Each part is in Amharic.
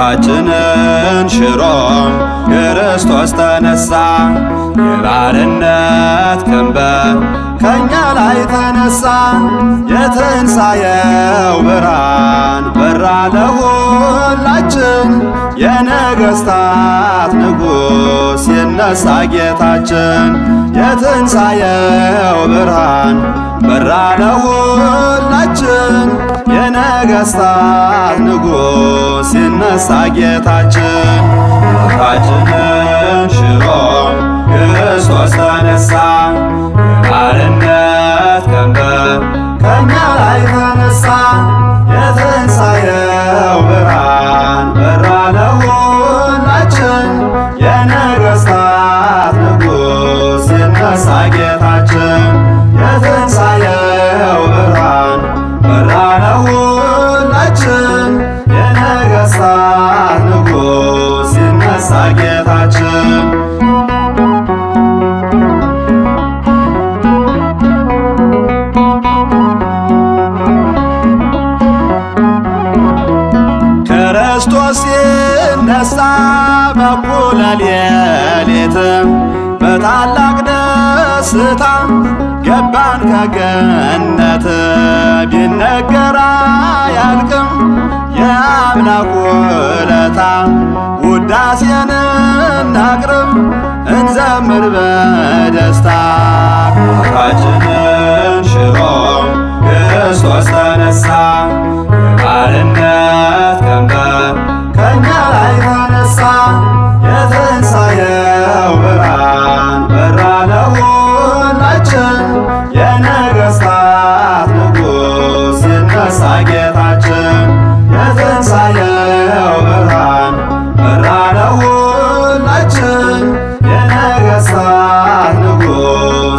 ታችንን ሽሮ ክርስቶስ ተነሳ። የባርነት ቀንበር ከእኛ ላይ ተነሳ። የትንሣኤው ብርሃን በራ ለሁላችን የነገሥታት ንጉሥ ተነሳ ጌታችን የትንሣኤው ብርሃን በራ ለሁላችን የነገሥታት ንጉሥ ሲነሳ ጌታችን ራችንን ሽሮ ክርስቶስ ተነሳ ባርነት ቀንበር ከእኛ ላይ ተነሳ የትንሣኤው ብርሃን በራ ለሁላችን ጌታችን የነገሥታት ንጉሥ ሲነሳ ጌታችን ክርስቶስ በታላቅ ደስታ ገባን ከገነት ቢነገራ ለአምላኩ ውለታ ውዳሴን እናቅርብ እንዘምር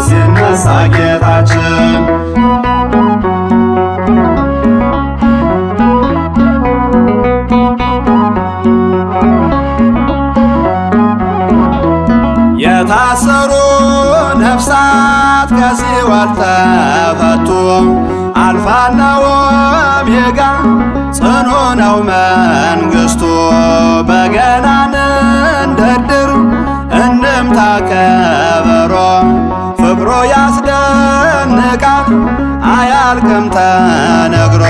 ሲነሳ ጌታችን የታሰሩ ነፍሳት ከሲኦል ተፈቱ። አልፋና ኦሜጋ ጽኑ ነው መንግሥቱ በገናን ሰምታ ከበሮ ፍቅሮ ያስደንቃል አያልቅም ተነግሮ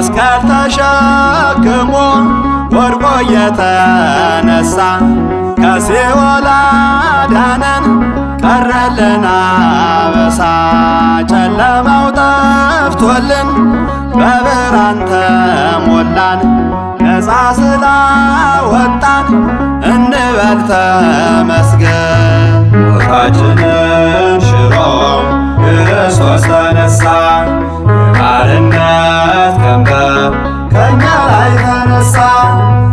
መስቀል ተሸክሞ ወድቆ የተነሳ ከሲኦል አዳነን ቀረልን አበሳ ጨለማው ጠፍቶልን በብርሃን ተሞላን ነፃ ስላወጣን እንበል ተመስገን ቦታችንን ሽሮ ክርስቶስ ተነሳ ተነሳ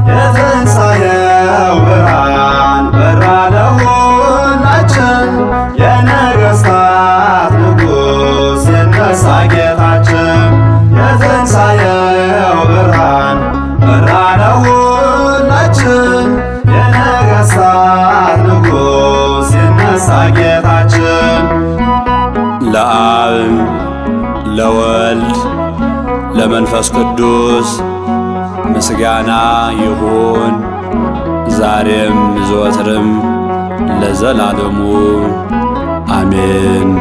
የትንሣኤው ብርሃን በራ ለሁላችን የነገሥታት ንጉሥ ሲነሳ ጌታችን የትንሣኤው ብርሃን በራ ለሁላችን የነገሥታት ንጉሥ ሲነሳ ጌታችን ለአብም ለወልድ ለመንፈስ ቅዱስ ምስጋና ይሁን ዛሬም ዘወትርም ለዘላለሙ አሜን።